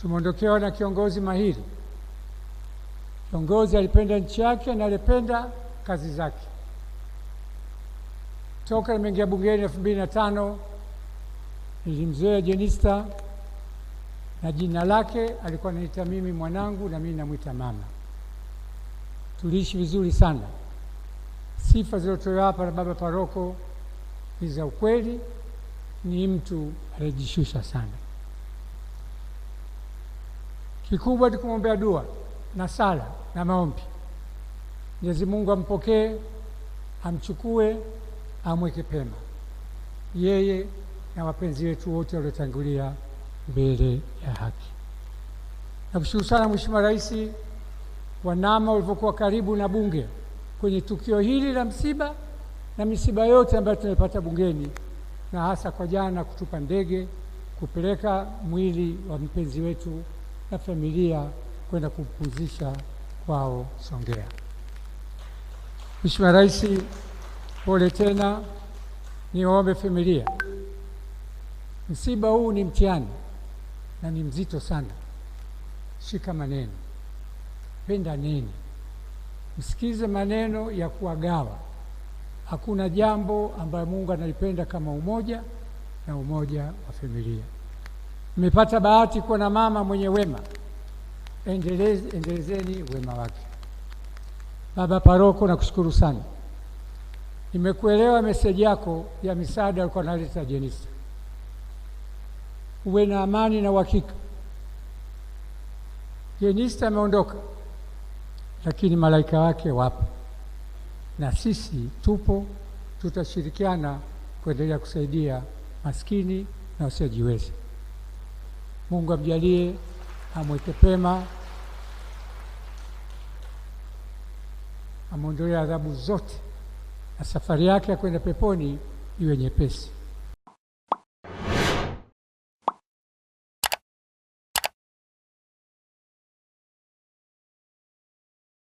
Tumeondokewa na kiongozi mahiri, kiongozi alipenda nchi yake na alipenda kazi zake. Toka nimeingia bungeni elfu mbili na tano nilimzoea Jenista na jina lake alikuwa naita mimi mwanangu, na mimi namwita mama. Tuliishi vizuri sana. Sifa zilizotolewa hapa na baba paroko ni za ukweli, ni mtu alijishusha sana. Kikubwa ni kumwombea dua na sala na maombi. Mwenyezi Mungu ampokee, amchukue, amweke pema yeye na wapenzi wetu wote waliotangulia mbele ya haki. Nakushukuru sana Mheshimiwa Rais kwa namna ulivyokuwa karibu na Bunge kwenye tukio hili la msiba na misiba yote ambayo tumepata bungeni na hasa kwa jana kutupa ndege kupeleka mwili wa mpenzi wetu na familia kwenda kupumzisha kwao Songea. Mheshimiwa Rais, pole tena. Niwaombe familia, msiba huu ni mtihani na ni mzito sana. Shika maneno, penda nini, msikize maneno ya kuwagawa. Hakuna jambo ambayo Mungu analipenda kama umoja na umoja wa familia. Mmepata bahati kuwa na mama mwenye wema, endeleze, endelezeni wema wake. Baba Paroko, nakushukuru sana, nimekuelewa meseji yako ya misaada alikuwa naleta Jenista. Uwe na amani na uhakika, Jenista ameondoka, lakini malaika wake wapo na sisi tupo, tutashirikiana kuendelea kusaidia maskini na wasiojiweza. Mungu amjalie amweke pema, amwondolee adhabu zote, na safari yake ya kwenda peponi iwe nyepesi.